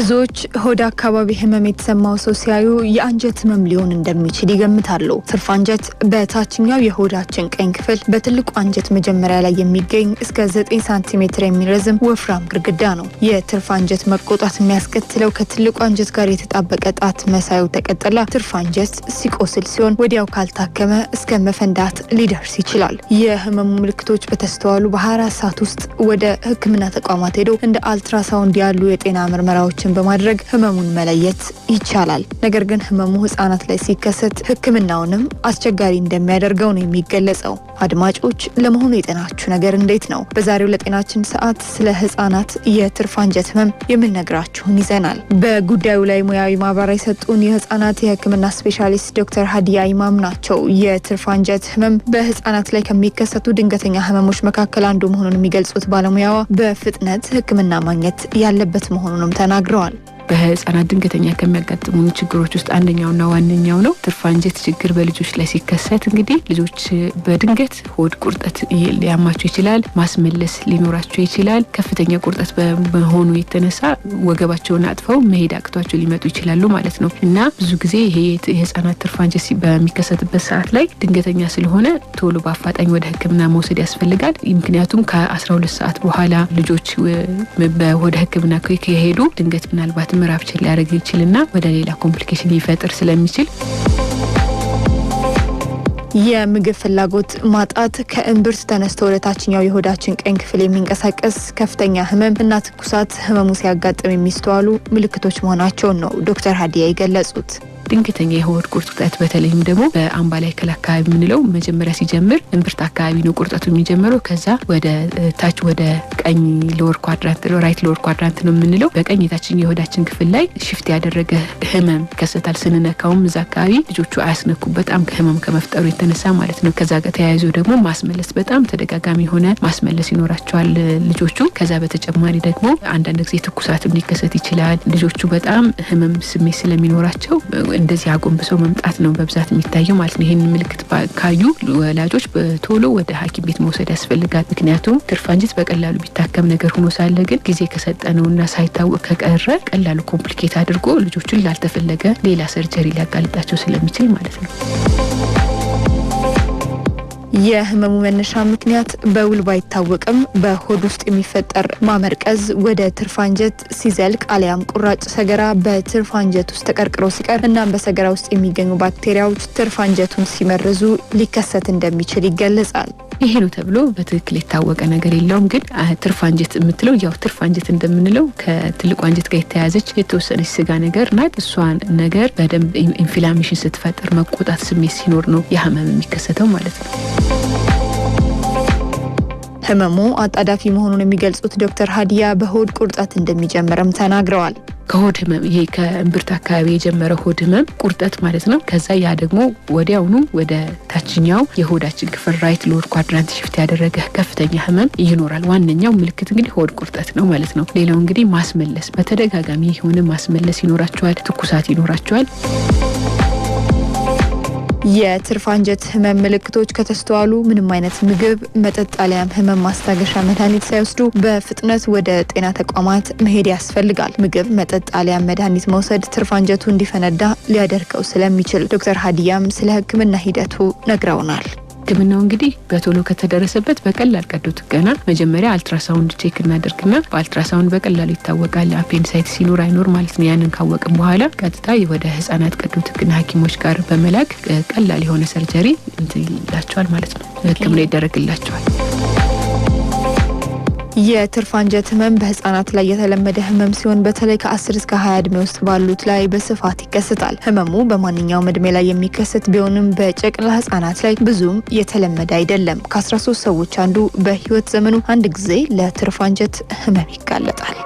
ብዙዎች ሆድ አካባቢ ህመም የተሰማው ሰው ሲያዩ የአንጀት ህመም ሊሆን እንደሚችል ይገምታሉ። ትርፍ አንጀት በታችኛው የሆዳችን ቀኝ ክፍል በትልቁ አንጀት መጀመሪያ ላይ የሚገኝ እስከ 9 ሳንቲሜትር የሚረዝም ወፍራም ግድግዳ ነው። የትርፍ አንጀት መቆጣት የሚያስከትለው ከትልቁ አንጀት ጋር የተጣበቀ ጣት መሳዩ ተቀጥላ ትርፍ አንጀት ሲቆስል ሲሆን ወዲያው ካልታከመ እስከ መፈንዳት ሊደርስ ይችላል። የህመሙ ምልክቶች በተስተዋሉ በ24 ሰዓት ውስጥ ወደ ህክምና ተቋማት ሄዶ እንደ አልትራሳውንድ ያሉ የጤና ምርመራዎችን ክትትሎችን በማድረግ ህመሙን መለየት ይቻላል። ነገር ግን ህመሙ ህጻናት ላይ ሲከሰት ህክምናውንም አስቸጋሪ እንደሚያደርገው ነው የሚገለጸው። አድማጮች፣ ለመሆኑ የጤናችሁ ነገር እንዴት ነው? በዛሬው ለጤናችን ሰዓት ስለ ህጻናት የትርፍ አንጀት ህመም የምንነግራችሁን ይዘናል። በጉዳዩ ላይ ሙያዊ ማብራሪያ የሰጡን የህጻናት የህክምና ስፔሻሊስት ዶክተር ሀዲያ ኢማም ናቸው። የትርፍ አንጀት ህመም በህጻናት ላይ ከሚከሰቱ ድንገተኛ ህመሞች መካከል አንዱ መሆኑን የሚገልጹት ባለሙያዋ በፍጥነት ህክምና ማግኘት ያለበት መሆኑንም ተናግረዋል። roll. በህፃናት ድንገተኛ ከሚያጋጥሙን ችግሮች ውስጥ አንደኛውና ዋነኛው ነው። ትርፍ ችግር በልጆች ላይ ሲከሰት እንግዲህ ልጆች በድንገት ሆድ ቁርጠት ሊያማቸው ይችላል። ማስመለስ ሊኖራቸው ይችላል። ከፍተኛ ቁርጠት በመሆኑ የተነሳ ወገባቸውን አጥፈው መሄድ አቅቷቸው ሊመጡ ይችላሉ ማለት ነው እና ብዙ ጊዜ ይሄ የህፃናት ትርፍ በሚከሰትበት ሰዓት ላይ ድንገተኛ ስለሆነ ቶሎ በአፋጣኝ ወደ ህክምና መውሰድ ያስፈልጋል። ምክንያቱም ከ12 ሰዓት በኋላ ልጆች ወደ ህክምና ከሄዱ ድንገት ምናልባትም ምዕራፍችን ሊያደርግ ይችልና ወደ ሌላ ኮምፕሊኬሽን ሊፈጥር ስለሚችል የምግብ ፍላጎት ማጣት ከእምብርት ተነስቶ ወደ ታችኛው የሆዳችን ቀኝ ክፍል የሚንቀሳቀስ ከፍተኛ ህመም እና ትኩሳት ህመሙ ሲያጋጥም የሚስተዋሉ ምልክቶች መሆናቸውን ነው ዶክተር ሀዲያ የገለጹት። ድንገተኛ የሆድ ቁርጠት በተለይም ደግሞ በአምባላይ ክል አካባቢ የምንለው መጀመሪያ ሲጀምር እምብርት አካባቢ ነው ቁርጠቱ የሚጀምረው። ከዛ ወደ ታች ወደ ቀኝ ሎወር ኳድራንት ራይት ሎወር ኳድራንት ነው የምንለው በቀኝ የታችን የሆዳችን ክፍል ላይ ሽፍት ያደረገ ህመም ይከሰታል። ስንነካውም እዛ አካባቢ ልጆቹ አያስነኩ በጣም ህመም ከመፍጠሩ የተነሳ ማለት ነው። ከዛ ጋር ተያይዞ ደግሞ ማስመለስ በጣም ተደጋጋሚ የሆነ ማስመለስ ይኖራቸዋል ልጆቹ። ከዛ በተጨማሪ ደግሞ አንዳንድ ጊዜ ትኩሳትም ሊከሰት ይችላል። ልጆቹ በጣም ህመም ስሜት ስለሚኖራቸው እንደዚህ አጎንብሰው መምጣት ነው በብዛት የሚታየው ማለት ነው። ይህን ምልክት ካዩ ወላጆች በቶሎ ወደ ሀኪም ቤት መውሰድ ያስፈልጋል። ምክንያቱም ትርፋንጅት በቀላሉ ቢታከም ነገር ሆኖ ሳለ ግን ጊዜ ከሰጠነውና ሳይታወቅ ከቀረ ቀላሉ ኮምፕሊኬት አድርጎ ልጆቹን ላልተፈለገ ሌላ ሰርጀሪ ሊያጋልጣቸው ስለሚችል ማለት ነው። የህመሙ መነሻ ምክንያት በውል ባይታወቅም በሆድ ውስጥ የሚፈጠር ማመርቀዝ ወደ ትርፋንጀት ሲዘልቅ አሊያም ቁራጭ ሰገራ በትርፋንጀት ውስጥ ተቀርቅሮ ሲቀር እናም በሰገራ ውስጥ የሚገኙ ባክቴሪያዎች ትርፋንጀቱን ሲመርዙ ሊከሰት እንደሚችል ይገለጻል። ይሄ ነው ተብሎ በትክክል የታወቀ ነገር የለውም። ግን ትርፋንጀት የምትለው ያው ትርፋንጀት እንደምንለው ከትልቁ አንጀት ጋር የተያያዘች የተወሰነች ስጋ ነገር ናት። እሷን ነገር በደንብ ኢንፍላሜሽን ስትፈጥር መቆጣት ስሜት ሲኖር ነው የህመም የሚከሰተው ማለት ነው። ህመሙ አጣዳፊ መሆኑን የሚገልጹት ዶክተር ሀዲያ በሆድ ቁርጠት እንደሚጀምርም ተናግረዋል። ከሆድ ህመም ይሄ ከእምብርት አካባቢ የጀመረ ሆድ ህመም ቁርጠት ማለት ነው። ከዛ ያ ደግሞ ወዲያውኑ ወደ ታችኛው የሆዳችን ክፍል ራይት ሎወር ኳድራንት ሽፍት ያደረገ ከፍተኛ ህመም ይኖራል። ዋነኛው ምልክት እንግዲህ ሆድ ቁርጠት ነው ማለት ነው። ሌላው እንግዲህ ማስመለስ፣ በተደጋጋሚ የሆነ ማስመለስ ይኖራቸዋል፣ ትኩሳት ይኖራቸዋል። የትርፍ አንጀት ህመም ምልክቶች ከተስተዋሉ ምንም አይነት ምግብ፣ መጠጥ አሊያም ህመም ማስታገሻ መድኃኒት ሳይወስዱ በፍጥነት ወደ ጤና ተቋማት መሄድ ያስፈልጋል። ምግብ፣ መጠጥ አሊያም መድኃኒት መውሰድ ትርፍ አንጀቱ እንዲፈነዳ ሊያደርገው ስለሚችል ዶክተር ሀዲያም ስለ ህክምና ሂደቱ ነግረውናል። ህክምናው እንግዲህ በቶሎ ከተደረሰበት በቀላል ቀዶ ጥገና መጀመሪያ አልትራሳውንድ ቼክ እናደርግና በአልትራሳውንድ በቀላሉ ይታወቃል አፔንሳይት ሲኖር አይኖር ማለት ነው። ያንን ካወቅም በኋላ ቀጥታ ወደ ህጻናት ቀዶ ጥገና ሀኪሞች ጋር በመላክ ቀላል የሆነ ሰርጀሪ እንትላቸዋል ማለት ነው። ህክምና ይደረግላቸዋል። የትርፍ አንጀት ህመም በህጻናት ላይ የተለመደ ህመም ሲሆን በተለይ ከ10 እስከ 20 እድሜ ውስጥ ባሉት ላይ በስፋት ይከሰታል። ህመሙ በማንኛውም እድሜ ላይ የሚከሰት ቢሆንም በጨቅላ ህጻናት ላይ ብዙም የተለመደ አይደለም። ከ13 ሰዎች አንዱ በህይወት ዘመኑ አንድ ጊዜ ለትርፋንጀት ህመም ይጋለጣል።